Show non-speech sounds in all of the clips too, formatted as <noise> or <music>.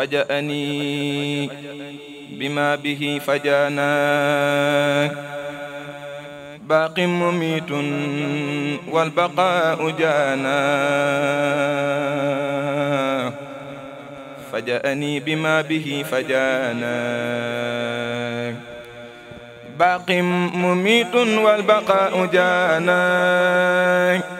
فجأني بما به فجانا باق مميت والبقاء جانا فجأني بما به فجانا باق مميت والبقاء جانا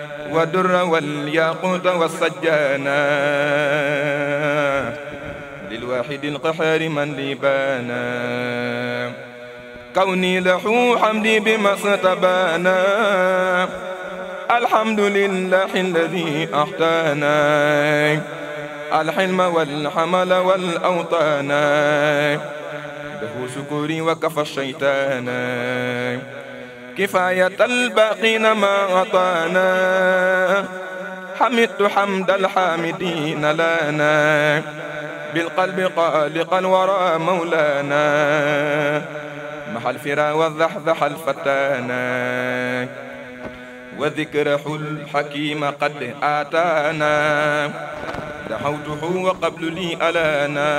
والدر والياقوت والسجانا للواحد القحار من لي بانا كوني لحو حمدي بما ستبانا الحمد لله الذي أحتانا الحلم والحمل والأوطانا له شكري وكفى الشيطانا كفاية الباقين ما أعطانا حمدت حمد الحامدين لنا بالقلب قالق الورى مولانا محى الفرا وزحزح الفتانا وذكره الحكيم قد آتانا دعوته وقبل لي ألانا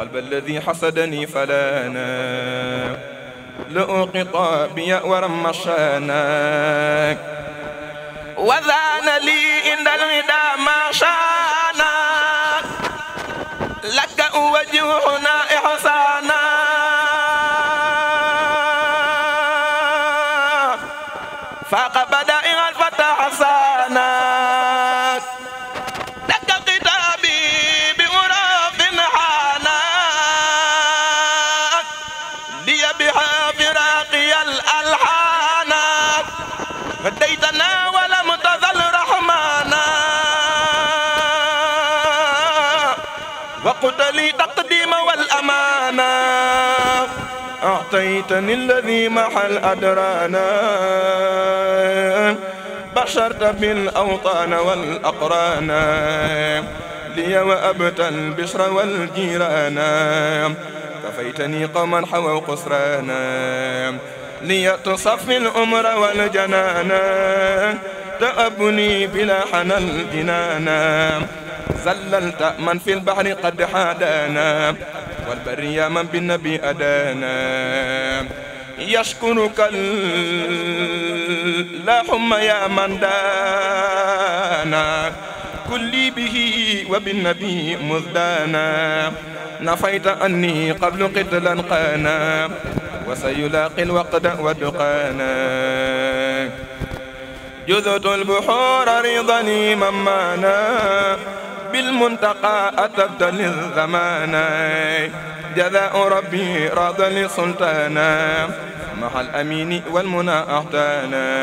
قلب الذي حسدني فلانا لأوقط بي ورمشاناك وذان لي عند الوداع ما شانا لك وجهنا لي تقديم والأمانة أعطيتني الذي محل أدرانا بشرت بالأوطان والأقران لي وأبتى البشر والجيران كفيتني قوما حووا قسرانا لي تصفي الأمر والجنانا تأبني بلا حنى الجنانا زللت من في البحر قد حادانا والبر يا من بالنبي أدانا يشكرك اللهم يا من دانا كلي به وبالنبي مزدانا نفيت أني قبل قتلا قانا وسيلاقي الوقت ودقانا جذت البحور رضني ممانا بالمنتقى أتبت للزمان جزاء ربي راض لسلطانا مع الأمين والمنى أحتانا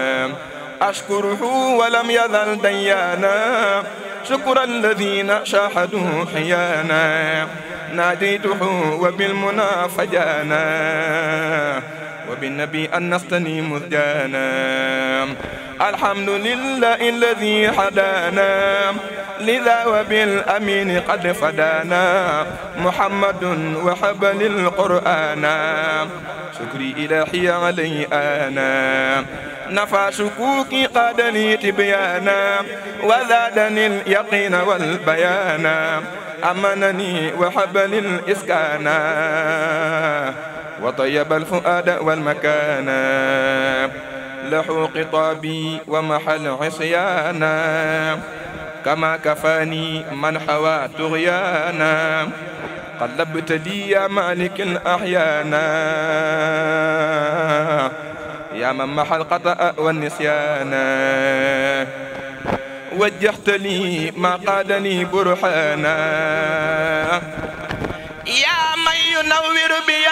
أشكره ولم يزل ديانا شكر الذين شاهدوه حيانا ناديته وبالمنى فجانا وبالنبي أن نستني مزجانا الحمد لله الذي حدانا لذا وبالأمين قد فدانا محمد وحبل القرآن شكري إلهي علي أنا نفى شكوكي قاد لي تبيانا وزادني اليقين والبيانا أمنني وحبل الإسكانا وطيب الفؤاد والمكانا لحو قطابي ومحل عصيانا كما كفاني من حوى طغيانا قلبت لي يا مالك الأحيانا يا من محى القطأ والنسيان وجهت لي ما قادني برهانا يا من ينور بي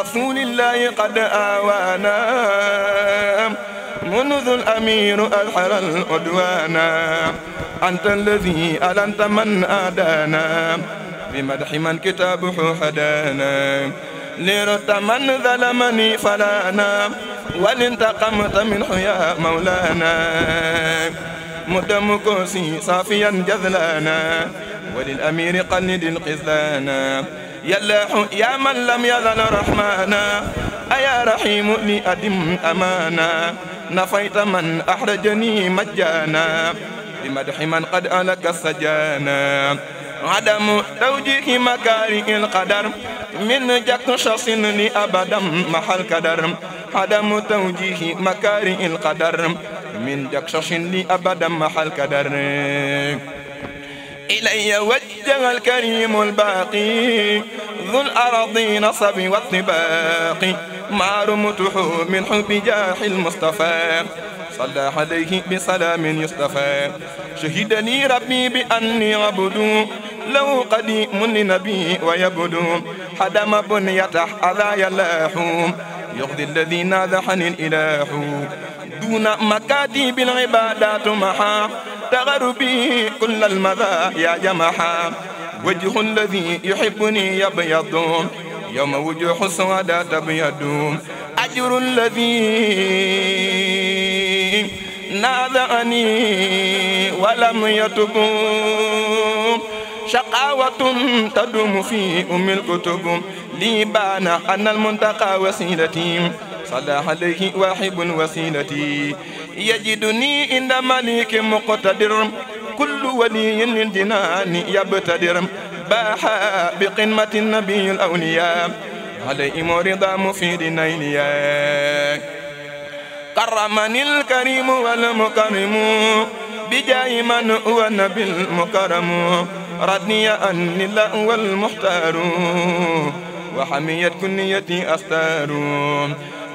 رسول الله قد آوانا منذ الأمير أظهر العدوان أنت الذي ألنت من آدانا بمدح من كتابه هدانا لرت من ظلمني فلانا ولانتقمت منه يا مولانا مدم كوسي صافيا جذلانا وللأمير قلد القزلانا يا الله يا من لم يزل رحمانا أيا رحيم لي أدم أمانا نفيت من أحرجني مجانا بمدح من قد ألك سجانا عدم توجيه مكاره القدر من جك شخص أبدا محل قدر عدم توجيه مكاره القدر من جك شخص أبدا محل قدر إلي وجه الكريم الباقي ذو الأراضي نصب والطباق ما رمته من حب جاح المصطفى صلى عليه بسلام يصطفى شهدني ربي بأني عبد له قديم لنبي ويبدو حدم بنيته على يلاح يغذي الذي نازحني الإله دون مكاتب العبادات محا تغربي كل المضى يا جمحا وجه الذي يحبني يبيض يوم وجوه سودا تبيض أجر الذي نادعني ولم يتب شقاوة تدوم في أم الكتب لي بان أن المنتقى وسيلتي صلى عليه واحب وسيلتي يجدني عند مليك مقتدر كل ولي للجنان يبتدر باح بقمة النبي الأولياء عليهم رضا مفيد نيليا كرمني الكريم والمكرم بجاه من هو النبي المكرم ردني أن الله والمحتار وحميت كنيتي أستار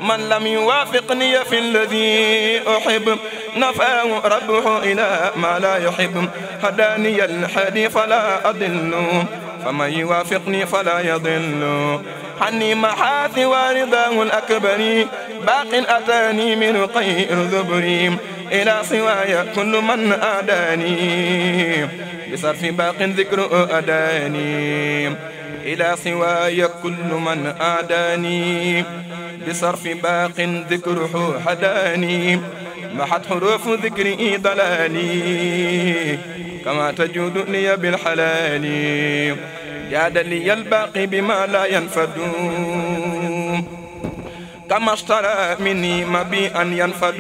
من لم يوافقني في الذي أحب نفاه ربه إلى ما لا يحب هداني الحدي فلا أضل فمن يوافقني فلا يضل عني محاثي ورداه الأكبر باق أتاني من قير ذبري إلى سواي كل من أداني بصرف باق ذكر أداني إلى سواي كل من أعداني بصرف باق ذكره حداني محت حروف ذكري ضلالي كما تجود لي بالحلال جاد لي الباقي بما لا ينفد كما اشترى مني مبيئا ينفد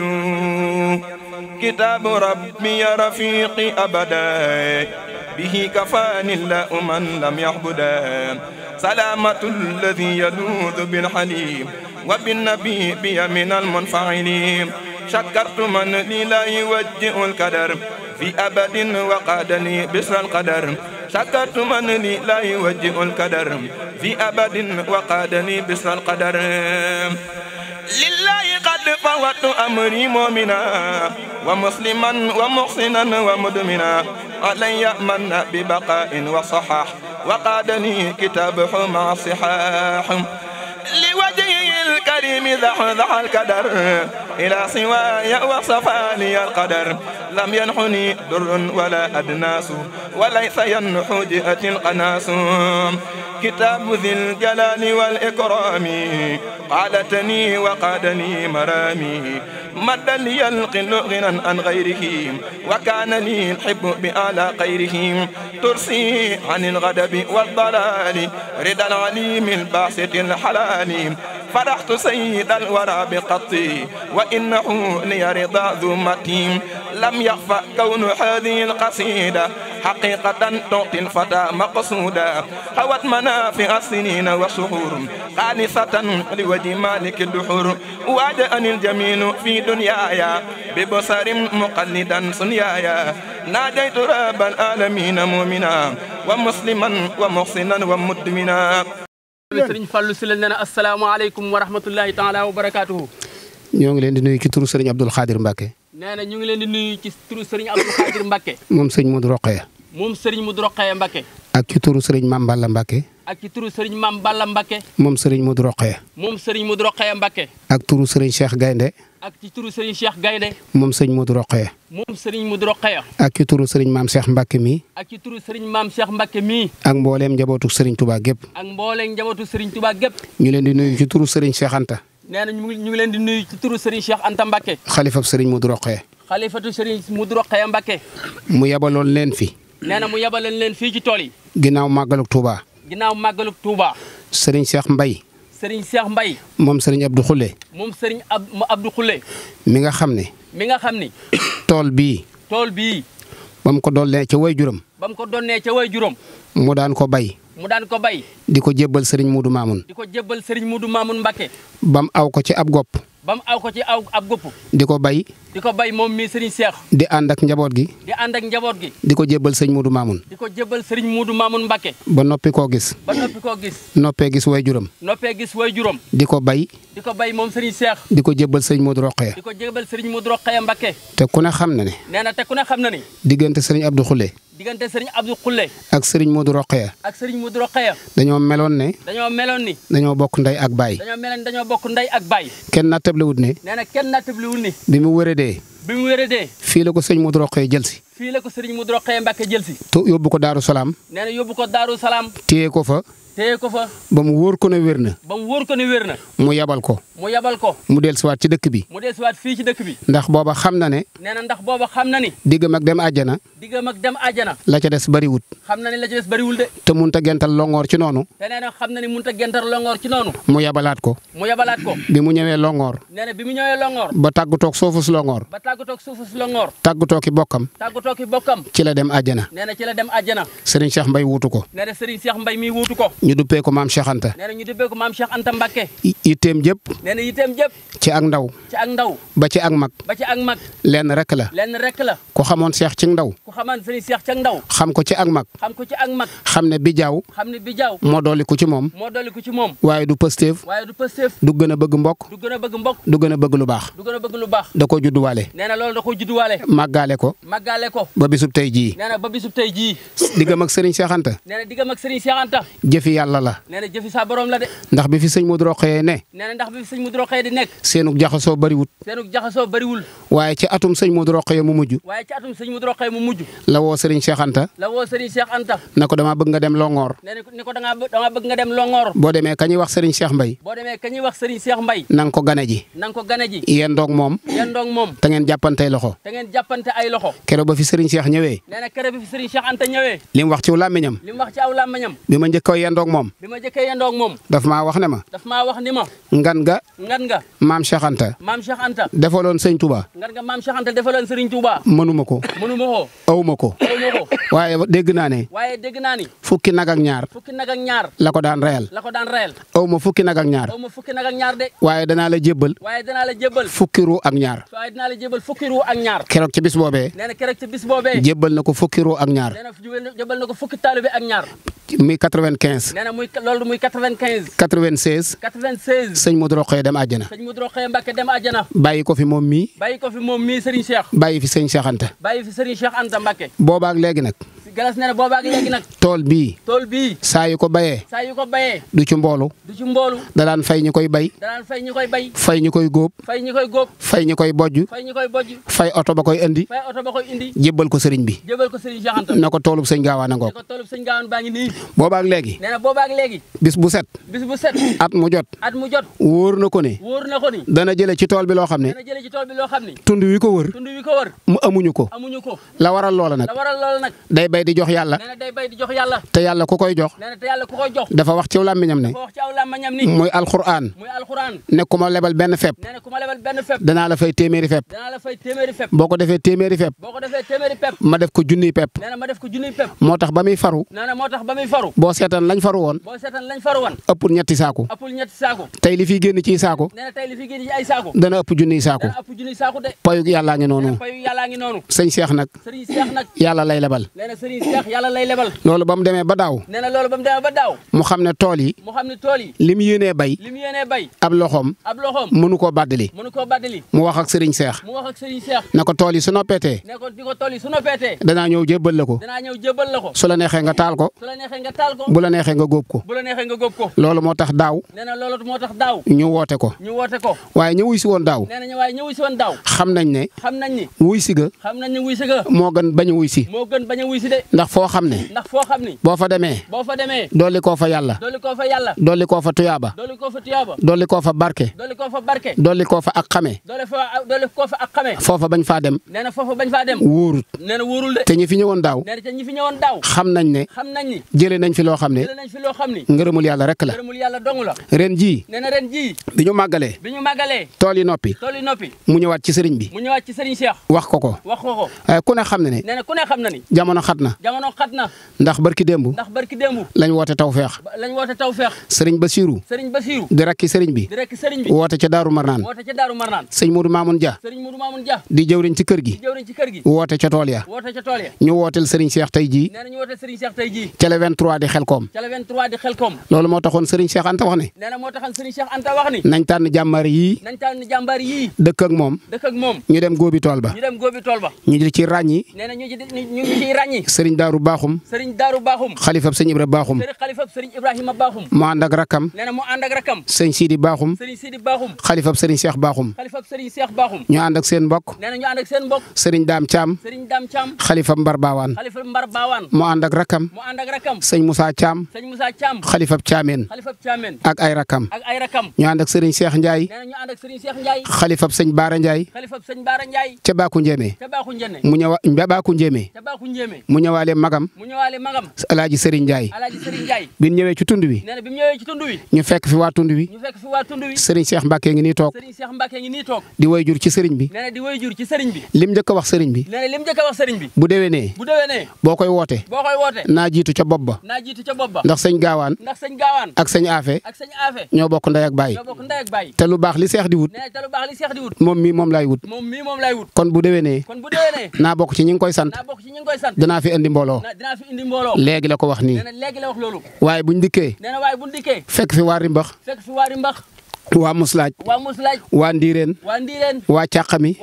كتاب ربي رفيقي أبدا به كفان الله من لم يعبدا سلامة الذي يذوذ بالحليم وبالنبي بي من المنفعلين شكرت من لي لا يوجئ الكدر في أبد وقاد لي بسر القدر شكرت من لي لا يوجئ الكدر في أبد وقاد لي بسر القدر لله فوت أمري مؤمنا ومسلما ومحسنا ومدمنا ولن يأمن ببقاء وصحاح وقادني كتابه مع صحاح وجهه الكريم زحزح الكدر إلى سواي وصفاني القدر لم ينحني در ولا أدناس وليس ينحو جئة القناس كتاب ذي الجلال والإكرام قالتني وقادني مرامي مد لي القل غنى عن غيره وكان لي الحب بأعلى خيره ترسي عن الغضب والضلال رضا العليم الباسط الحلال فرحت سيد الورى بقطي وإنه لي رضا ذو متين لم يخفى كون هذه القصيدة حقيقة تعطي الفتى مقصودا قوت منافع السنين وشهور خالصة لوجه مالك الدحور وجاءني الجميل في دنياي ببصر مقلدا سنيايا ناديت رب العالمين مؤمنا ومسلما ومحسنا ومدمنا sëriñ Fallou Sylla nee na asalaamaaleykum wa rahmatullahi taala wa barakaatuhu ñoo ngi leen di nuyu ci turu sëriñ Abdoul Khadir Mbacke nee na ñu ngi leen di nuyu ci turu sëriñ Abdoul Khadir moom sëriñ Modou Rokhaya moom sëriñ Modou Rokhaya Mbacke ak ci turu sëriñ Mame Balla Mbacke ak ci turu sëriñ Mbacke moom sëriñ Modou Rokhaya moom sëriñ Modou Rokhaya Mbacke ak turu sëriñ Cheikh Gaynde ak ci turu Serigne Cheikh Gaynde moom sëñ Modou Rokhaya moom mu Modou Rokhaya ak ci turu Serigne Maam Cheikh mbakke mii ak ci turu Serigne Maam Cheikh mbakke mii ak mbooleem njabootu Serigne Touba gépp ak mbooleem njabootu Serigne Touba gépp ñu leen di nuyu ci turu Serigne Cheikh Anta nee na ñu ngi leen di nuyu ci turu Serigne Cheikh Anta Mbacke xalifab Serigne Modou Serigne Modou Rokhaya Mbacke mu yabaloon leen fi nee na mu yabaloon leen fii ci tool yi ginnaaw màggaluk Touba ginnaaw màggaluk Touba Serigne Cheikh mbay sëriñ Cheikh mbay moom sëriñ Abdou Khoule. moom sëriñ Ab Abdou Khoule. mi nga xam ne. mi nga xam ne <coughs> tool bii. tool bi ba mu ko dollee ca way juróom. ba ko donnee ca way juróom. mu daan ko bay. mu daan ko bay. di ko jébbal sëriñ Muudu Maamun. di ko jébbal sëriñ Muudu Maamun Mbàkke. bam aw ko ci ab gopp. ba mu aw ko ci aw ab gupp di ko bay di ko bay moom mii sëriñ Seex di ànd ak njaboot gi di ànd ak njaboot gi di ko jébbal sëriñ Muudu Maamun di ko jébbal sëriñ Muudu Maamun Mbàkke ba noppi koo gis ba koo gis noppee gis way juróom noppee gis way juróom di ko bay di ko bay moom sëriñ Seex di ko jébbal sëriñ Muudu Roqaya di ko jébbal sëriñ Muudu Roqaya Mbàkke te ku ne xam na ne nee na te ku ne xam na ne diggante sëriñ Abdou Khoule diggante sëriñ Abdou Khoule. ak sëriñ Modou Roqeya. ak sëriñ Modou Roqeya. dañoo meloon ne. dañoo meloon ni. dañoo bokk ndey ak baay. dañoo meloon bokk ndey ak baay. kenn nattablewut ne. nee na kenn nattablewut ne. bi mu wëradee. bi mu wéradee fii la ko sëñ Modou Rokhaya jël si fii la ko sëriñ Modou Rokhaya Mbacke jël si to yóbbu ko Daaru Salaam nee na yóbbu ko Daaru Salaam téye ko fa téye ko fa ba mu wóor ko ne wér na ba mu wóor ko ne wér na mu yabal ko mu yabal ko mu dellusiwaat ci dëkk bi mu dellusiwaat fii ci dëkk bi ndax booba xam na ne nee na ndax booba xam na ni diggam ak dem àjjana diggam ak dem àjjana la ca des bariwut xam na ne la ca des bariwul de te mun ta gental longoor ci noonu te nee na xam na ni mun ta gental longoor ci noonu mu yabalaat ko mu yabalaat ko bi mu ñëwee longoor nee na bi mu ñëwee longoor ba tàggu toog soofus longoor tàggatoo ak suufu si la ngoor. tàggatoo ki bokkam. tàggatoo ki bokkam. ci la dem àjjana. nee na ci wuutu ko. ñu duppee maam Cheikh Anta. yitteem jëpp. ci ak ndaw. ba ci ak mag. ba ci ak mag. rek la. lenn rek la. ku xamoon seex ci ndaw. ku xamoon Serigne Cheikh ci ndaw. xam ko ci ak mag. xam ko ci ak ne bijaaw. xam ne bijaaw. moo dolli ko ci moom. moo dolli ko ci moom. waaye du pësteef. du gën a bëgg mbokk. du gën a bëgg mbokk. du a bëgg lu baax. du a bëgg lu baax. da judduwaale nee na loolu da koo judduwaale màggaale ko màggaale ko ba bisub tey jii nee na ba bisub tey jii diggam ak sëriñ Cheikh Anta nee na diggam ak sëriñ Cheikh Anta jëfi yàlla la nee na jëfi sa borom la de ndax bi fi sëñ Modou Rokhaya ne nee na ndax bi fi sëñ Modou Rokhaya di nekk seenug jaxasoo bariwul seenug jaxasoo bariwul waaye ci atum sëñ mu mujj waaye ci atum sëñ Modou Rokhaya mu mujj la woo sëriñ Cheikh Anta la woo sëriñ Cheikh Anta na ko damaa bëgg nga dem Longoor nee na ni ko dangaa dangaa bëgg nga dem Longoor boo demee kañuy wax sëriñ Cheikh Mbaye boo demee kañuy wax sëriñ Cheikh Mbaye na nga ko ko gane ji yendoog moom yendoog moom jàppante ay loxo. da ba fi Serigne Cheikh ñëwee. nee na keroog ba fi Serigne Cheikh Anta ñëwee. li mu wax ci aw làmmiñam. bi ma njëkkoo yendoog moom. bi ma njëkkee yendoog moom. daf maa wax ne ma. daf maa wax ni ma. ngan nga. ngan nga. Anta. maam Cheikh Anta. defaloon Serigne Touba. ngan nga maam Cheikh Anta defaloon Serigne Touba. mënuma ko. mënuma ko. awuma ko. awuma ko. waaye dégg naa ne. waaye dégg naa ni. fukki nag ñaar. fukki nag ak la ko daan reyal. la ko daan reyal. awuma fukki nag ak ñaar. awuma fukki nag ak ñaar de. waaye danaa la jébbal. waaye danaa ñaar. fukki ruu ak ñaar. keroog ci bis boobee. nee na boobee. jébbal na ko fukki ruu ak ñaar. nee na jébbal na ko fukki taalibe ak ñaar. muy 95. nee na muy loolu muy 95. 96. 96. sëñ Modou Rokhaya dem àjjana. sëñ Modou Rokhaya Mbacke dem àjjana. bàyyi ko fi moom mii. bàyyi ko fi moom mii Serigne bàyyi fi sëñ Cheikh Anta. bàyyi fi Anta Mbacke. boobaak léegi nag. galas nee na boobaa tool bii. tool bii. saa yu ko bayee. saa ko bayee. du ci mboolu. du ci mboolu. fay ñu koy bay. danaan fay ñu koy fay ñu koy góob. fay ñu koy góob. fay ñu koy bojj. fay ñu koy oto ba koy indi. fay oto ba koy ko sëriñ bi. jébbal ko sëriñ Cheikh Anta. na ko toolub sëñ Gaawaan a ngoog. na ko toolub sëñ ngi nii. boobaag léegi. nee bis bu set. at mu jot. at mu jot. wóor na ko ni. wóor dana jëlee ci tool bi loo xam ne. dana jëlee ci tool bi loo xam ne. tund wi ko wër. tund ko wër. mu ñu ko. amuñu ko. la waral la waral loola nag. day bay bay di jox yàlla. jox yàlla. te yàlla ko koy jox. nee dafa wax ci làmmiñam ne. dafa wax ci làmmiñam ni. muy alxuraan. muy ne ku ma lebal benn fepp. nee danaa la fay téeméeri fepp. danaa la fay boo ko defee téeméeri fepp. boo ko defee ma def ko junni fepp. ma def ko junniy moo tax ba muy faru. nee ba muy faru. boo seetaan lañ faru woon. boo ñetti saako. ëppul saako. tey li fi génn ci saako. nee na tey li saako. dana ëpp junniy saako. payu yàllaa ngi noonu. payu yàllaa ngi noonu. sëñ Cheikh nag. yàlla lay lebal. ni Cheikh yàlla lay lebal. loolu ba mu demee ba daaw. nee na loolu ba mu ba daaw. mu xam ne tool yi. mu xam ne tool yi. bay. ab loxoom. ab loxoom koo bàddali. mënu koo bàddali. mu wax ak Serigne na mu wax ko tool yi su noppeetee. ne ko di ko yi su noppeetee. danaa ñëw jébbal la ko. danaa ñëw jébbal la ko. su la neexee nga taal ko. su la neexee bu la neexee nga góob ko. bu la neexee nga góob ko. loolu moo tax daaw. nee na loolu moo tax daaw. ñu woote ko. ñu woote ko. waaye ñu wuy si woon daaw. nee na waaye ñu wuy si woon daaw. xam nañ ne. xam nañ ni wuy si ga. moo gën bañ a wuy si. moo gën bañ a wuy si de. ndax foo xam ne. ndax foo xam ne. boo fa demee. boo fa demee. dolli koo fa yàlla. dolli koo fa yàlla. dolli koo fa tuyaaba. dolli koo fa tuyaaba. dolli koo fa barke. dolli koo fa barke. koo fa ak xame. dolli fa dolli koo fa ak xame. dem. nee na foofa bañ faa dem. wóorut. nee na wóorul de. te ñi fi ñëwoon daaw. nee na te ñi fi ñëwoon daaw. xam nañ ne. xam nañ ni. fi loo xam ne. jëlee loo xam ne. ngërëmul yàlla rek la. ngërëmul la. ren jii. nee na ren jii. bi ñu màggalee. bi ñu màggalee. tool yi noppi. tool yi mu ñëwaat ci sëriñ bi. mu ñëwaat ci sëriñ Cheikh. wax ko ko. wax ko ko. Eh, ku ne xam ne. ne xam na na na. jamono xat na. ndax barki démb. ndax barki démb. lañ woote tawfeex. lañ woote tawfeex. sëriñ Basiru. sëriñ Basiru. di rakki sëriñ bi. di rakki sëriñ bi. woote ca Daaru Marnaan. woote ca Daaru Marnaan. sëriñ Modou Mamoun Dia. sëriñ di jëwriñ ci kër gi. di ci tool ya. ñu wooteel sëriñ Cheikh tey jii. nee na ñu di Xelkom. ca loolu moo taxoon sëriñ Cheikh Anta wax ne. nee na moo taxoon sëriñ Cheikh Anta wax ne. nañ tànn jàmbaar yii. nañ tànn jàmbaar ñu dem góobi tool ba. ñu dem góobi tool ba. ñu di ci ràññi. nee ñu ci ci ràññi. sëriñ daaru baaxum sëriñ daaru baaxum xalifab sëñ ibra baaxum xalifab sëriñ ibrahima baaxum mu ànd ak rakkam nee na mu ànd ak rakkam sëñ siidi baaxum sëriñ siidi baaxum xalifab sëriñ seex baaxum xalifab sëriñ seex baaxum ñu ànd ak seen mbokk nee na ñu ànd ak seen mbokk sëriñ daam caam sëriñ daam caam xalifab mbar baawaan xalifab mbar baawaan mu ànd ak rakkam mu ànd ak rakkam sëñ musaa caam sëñ musaa caam xalifab caameen xalifab caameen ak ay rakkam ak ay rakkam ñu ànd ak sëriñ seex njaay nee na ñu ànd ak sëriñ seex njaay xalifab sëñ baara njaay xalifab sëñ baara njaay ca baaku njéeme ca baaku njéeme mu ñëw baaku njéeme ñëwaale magam. mu ñëwaale magam. alaaji Serigne Ndiaye. alaaji bi ñu ñëwee ci tund wi. ñu fekk fi waa tund wi. sëriñ fekk fi waa tund ngi nii toog. Serigne Cheikh Mbacke di woy jur ci sëriñ bi. ci Serigne bi. lim njëkk wax sëriñ bi. bu déwénee. ne déwénee. boo koy woote. boo naa jiitu ca bopp ba. ndax sëñ gaawaan. sëñ gaawaan. ak sëñ aafe. ñoo bokk ndey ak baay. ñoo lu baax li seex di wut. nee na moom mii moom laay wut. kon bu déwénee. kon naa bokk ci ñi koy sant. danaa fi fi indi mbooloo léegi la ko wax nii waaye buñ dikkee fekk fi waa Rimbax waa Muslaaj waa Ndiireen waa Càqami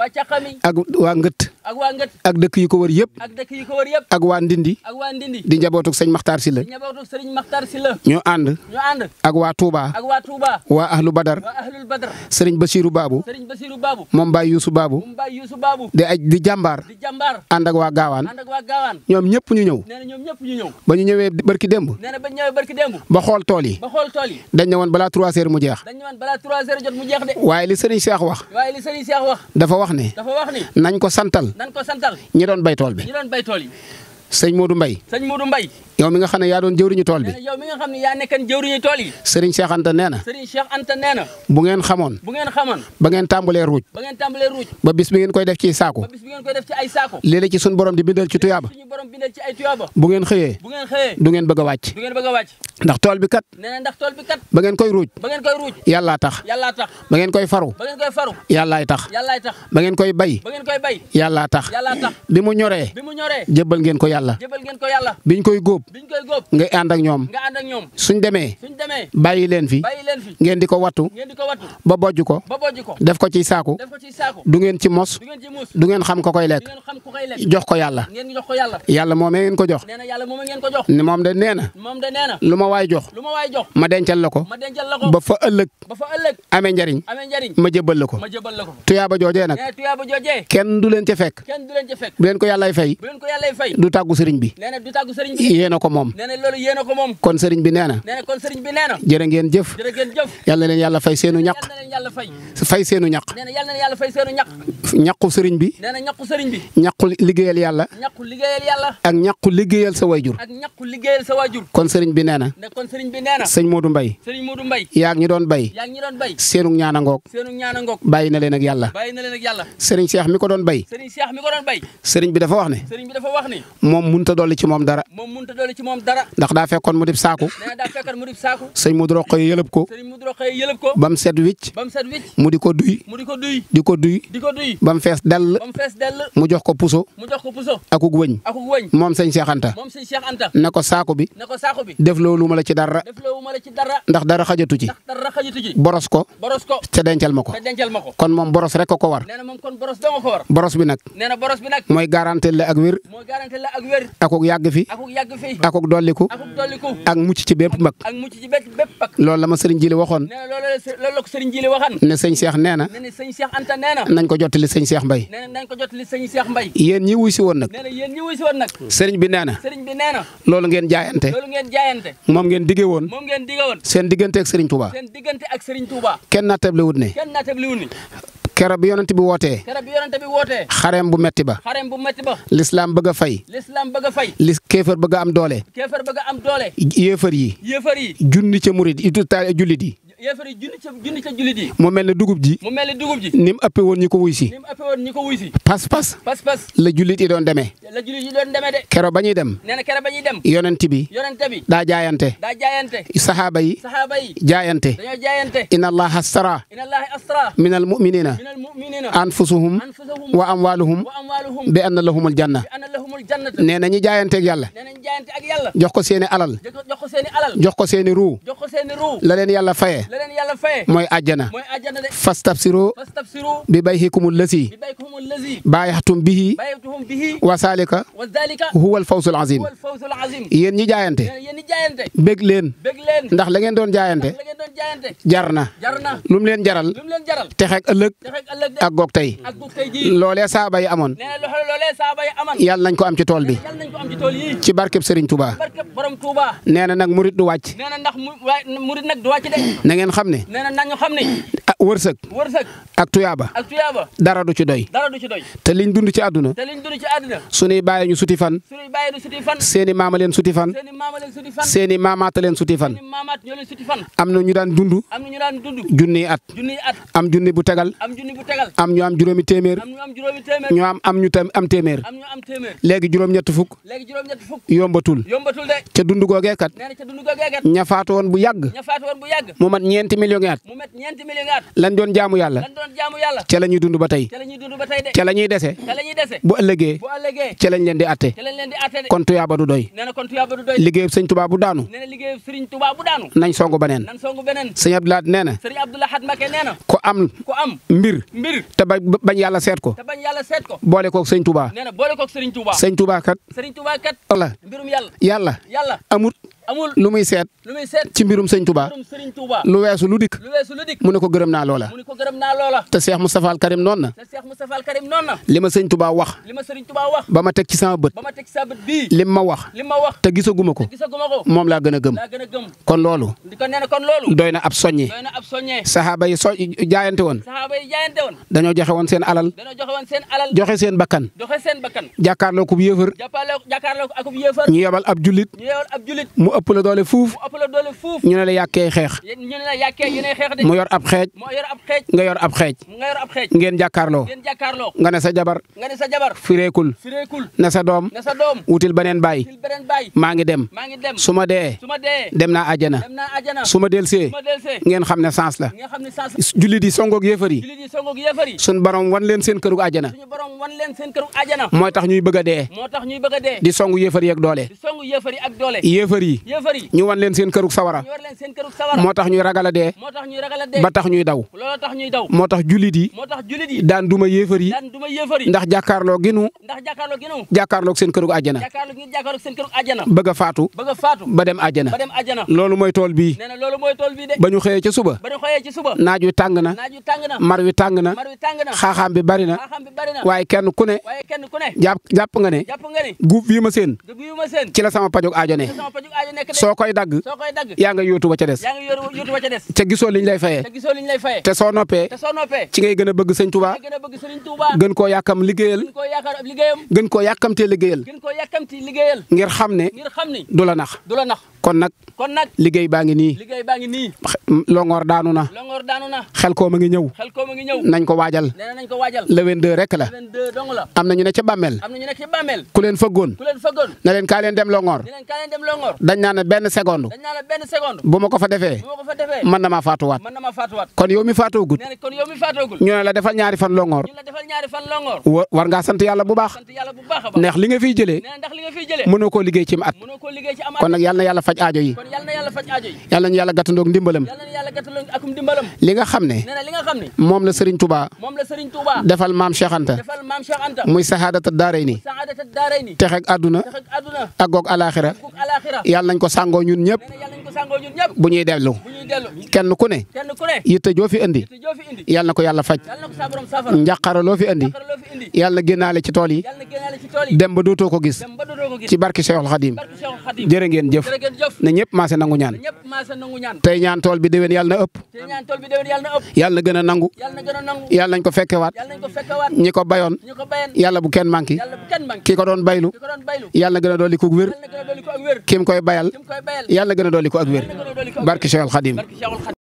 ak waa Ngët ak dëkk yu ko wër yépp ak dëkk yu ko Ndindi di njabootuk sëñ Maxtaar Sylla di njabootuk sëñ Maxtaar Sylla ñoo ànd waa Touba ak waa Touba waa Ahlu Badar waa Ahlul Badar sëriñ Basiru Baabu sëriñ Basiru Yuusu Baabu di aj di jàmbaar di jàmbaar ànd Gaawaan ñoom ñëpp ñu ñëw nee na ñoom ñëpp ñu ñëw ba ñëwee barki démb ba xool tool yi ba xool tool woon balaa mu jeex waaye li sëriñ Cheikh wax wax dafa wax ne nañ ko santal nan ko ñi doon bay tool bi ñi doon bay tool yi sëñ Modou Mbaye sëñ yow mi nga xam ne ya doon jëwriñu tool bi eh, yow mi nga xam ne yaa nekkan jëwriñu tool yi Serigne bu ngeen xamoon bu ngeen xamoon ba ngeen tàmbalee ruuj ba ngeen tàmbalee ruuj bis bi ngeen koy def ci saako ba bi ngeen koy def ci ay saako léeg-léeg ci suñu borom di bindal ci tuyaaba suñu borom bindal ci ay tuyaaba bu ngeen xëyee du ngeen bëgg a wàcc du ngeen bëgg a wàcc ndax tool bi kat nee na ndax tool bi ba ngeen koy ruuj ba ngeen koy ruuj yàllaa tax tax ba ngeen koy faru ba yàllaay tax yàllaay tax ba ngeen koy bay ba ngeen koy bay yàllaa tax yàllaa tax bi mu ñoree bi mu ñoree jébbal ngeen ko yàlla jébbal ngeen ko yàlla biñ koy góob nga ànd ak ñoom suñ demee bàyyi leen fi ngeen di ko wattu ba bojj ko def ko ci saaku du ngeen ci mos du ngeen xam ko koy lekk jox ko yàlla yàlla moomee ngeen ko jox ni moom da nee na lu ma waay jox ma dencal la ko ba fa ëllëg amee njariñ ma jëbbal la ko tuyaaba joojee nag kenn du leen ca fekk bu leen ko yàllay fay du tàggu sëriñ bi yéen a ko moom. nee na loolu yéen a ko moom. kon sëriñ bi nee na. nee na kon sëriñ bi nee na. jërë ngeen jëf. jërë ngeen jëf. yal na leen yàlla fay seenu ñaq. yal na bi. nee na ñaqu sëriñ bi. ñaqu liggéeyal yàlla. ñaqu liggéeyal ak ñaqu liggéeyal sa wayjur. ak ñaqu liggéeyal sa wayjur. kon sëriñ bi nee na. ne kon sëriñ bi na. sëñ Modou Mbaye. sëriñ Modou Mbaye. yaa ngi doon bay. yaa ngi doon bay. seenu ñaana ngoog. seenu ñaana ngoog. bàyyi na leen ak yàlla. bàyyi na leen ak yàlla. sëriñ Cheikh mi ko doon bay. sëriñ ko doon bay. bi dafa wax ne. moom mënut a ci moom dara. doone ci moom dara ndax daa fekkoon mu dib saaku saaku sëñ mu dorox xëy yëlëb ko sëñ ba mu set wicc ba mu set di ko duy mu di ko duy di ko duy di mu fees dell ba mu fees dell mu jox ko puso mu jox ko puso akuk wëñ akuk wëñ moom sëñ Cheikh Anta moom sëñ ne ko saaku bi ne ko saaku bi def loolu ma la ci dara def loolu ma la ci dara ndax dara xajatu ci boros ko boros ko te dencal ma ko te dencal ma ko kon moom boros rek ko ko war boros bi nag na mooy garantel la ak wér akuk yàgg fi akuk dolliku ak mucc ci bépp mag ak mucc ci bépp mbag loolu la ma sëriñ Jili waxoon nee sëriñ Jili waxoon ne sëñ Cheikh nee na sëñ Cheikh nañ ko jottali sëñ seex mbay nee na nañ sëñ Cheikh Mbaye yéen ñi wuy si woon nag nee na yéen bi nee na sëriñ bi nee na loolu ngeen jaayante ngeen jaayante moom ngeen digge woon moom ngeen digge seen diggante ak sëriñ Touba seen diggante ak sëriñ kenn naatablewut ne kenn naatablewut kera bi yonent bi wootee. kera wootee. xareem bu metti ba. xareem bu metti ba. lislaam bëgg a fay. lislaam bëgg a fay. li kéefar bëgg am doole. kéefar a am doole. yi. yéefar yi. junni ca murid yi jullit yi. mu mel ne dugub ji mu woon ñi ko wuy si ni pas-pas la jullit yi doon demee la kero ba ñuy dem nee na kero ba ñuy dem yonent bi daa jaayante daa jaayante sahaaba yi sahaaba min al muminina min al muminina anfusuhum anfusuhum wa amwaluhum wa amwaluhum bi janna nee na ñu jaayanteeg yàlla. jox ko seeni alal. jox ko seeni alal. jox ko yàlla faye. la leen yàlla faye. mooy àjjana. mooy àjjana bi bayhikumul lazi. bi bayhikumul lazi. baayaxtum bihi. baayaxtum bihi. wasaalika. wasaalika. huwal fawzul azim. huwal ñi jaayante. yéen leen. ndax la ngeen doon jaayante. ndax la jar na. lu leen jaral. lu mu leen jaral. texeeg tey. ak goog yi amoon. nee ko am ci tool bi ci barkeb Serigne Touba nee na nag murit du wàcc nee ndax murit xam ne nee xam ne ah, wërsëg wërsëg ak tuyaaba dara du ci doy dara te liñ dund ci àdduna te liñ suñuy bàyyi ñu suti fan suñuy bàyyi seeni maama leen suti fan seeni maama leen suti fan am na ñu daan dund am at am junni bu tegal am junni bu ñu am juróomi téeméer ñu am am am léegi juróom-ñetti fukk. léegi juróom-ñetti fukk. yombatul. yombatul de. ca dund googee kat. ña faatu woon bu yàgg. ña faatu mu mat ñeenti millions at. lan doon jaamu yàlla. ca la ñuy ca la ñuy dund ba tey de. la ñuy dese. ca la ñuy bu ëllëgee. bu ëllëgee. ca lañ leen di atte. ca lañ leen di atte kon tuyaaba du doy. nee bu daanu. nee na liggéeyub sëriñ Tuubaa bu daanu. nañ songu beneen. nañ songu beneen. sëñ nee na. sëriñ Abdoulahat Mbacké nee am. mbir. mbir te bañ yàlla seet ko. te ko. boole koog sëñ Touba kat. sëriñ Touba kat. yàlla mbirum yàlla. yàlla amut. amul lu muy seet ci mbirum sëñ Touba lu weesu lu dikk mu ne ko gërëm naa loola te Cheikh Moustapha Al Karim noonu na li ma sëñ Touba wax ba ma teg ci sama bët li ma wax te gisaguma ko moom laa gën a gëm kon loolu doy na ab soññi saxaaba yi so jaayante woon dañoo joxe woon seen alal joxe seen bakkan jàkkaarloo ko bu yëfër ñu yebal ab jullit mu ëpp la doole fuuf ñu ne la yàkkee xeex mu yor ab xeej nga yor ab xeej ngeen jàkkaarloo nga ne sa jabar fireekul na sa doom wutil beneen baay maa ngi dem su ma dee dem naa àjjana su ma delsee ngeen xam ne sens la jullit yi songoog yéefar yi sun borom wan leen seen kërug àjjana mooy tax ñuy bëgg a dee di songu yéefar yi ak doole yéefar ñu wan leen seen këruk sawara moo tax ñuy ragal a dee ba tax ñuy daw moo tax jullit yi daan duma yéefar yi ndax jàkkaarloo ginu jàkkaarloog seen këruk àjjana bëgg a faatu ba dem ajana loolu mooy tool bii ba ñu xëyee ci suba naaj wi tàng na mar wi tàng na xaaxaam bi bari na waaye kenn ku ne jàpp nga ne guub bii ma seen ci la sama pajog aajo soo koy dagg yaa nga yóotu ba ca des te gisoo liñ lay fayee te soo noppee ci ngay gën a bëgg sëñ Touba gën koo yàkkam liggéeyal gën koo yàkkamtee liggéeyal ngir xam ne du la nax kon nag liggéey baa ngi nii longoor daanu na xel koo ma ngi ñëw nañ ko waajal le 22 rek la am na ñu ne ca bàmmeel ku leen fëggoon na leen kaa leen dem longoor dañ naan benn seconde. benn seconde. bu ma ko fa defee. bu ma ko fa mën na maa faatuwaat. mën kon yow mi faatoogut. nee la defal ñaari fan longoor. ñu ngaa sant yàlla bu baax. sant yàlla bu baax a baax. neex li nga fiy jëlee. nee koo liggéey ci am at. kon nag yàlla faj aajo yi. yàlla faj aajo yi. yal yàlla gàttandoog ndimbalam. yal li nga xam ne. moom la Serigne Touba. defal maam Cheikh muy saxaadata daaray ni. saxaadata daaray ni. texeg yàlla nañ ko sàngoo ñun ñëpp bu ñuy dellu kenn ku ne yitte joo fi indi yal na ko yàlla faj njàqara loo fi indi yal na génnaale ci tool yi dem ba dootoo ko gis ci barke Cheikhul Khadim jërë ngeen jëf ne ñëpp maase nangu ñaan tey ñaan tool bi déwén yal na ëpp gën a nangu yal nañ ko fekkewaat ñi ko bayoon yàlla bu kenn manki ki ko doon baylu yal na dolli ku wér kim koy bayal yal na dolli ko ak ak wér barki Cheikhul Khadim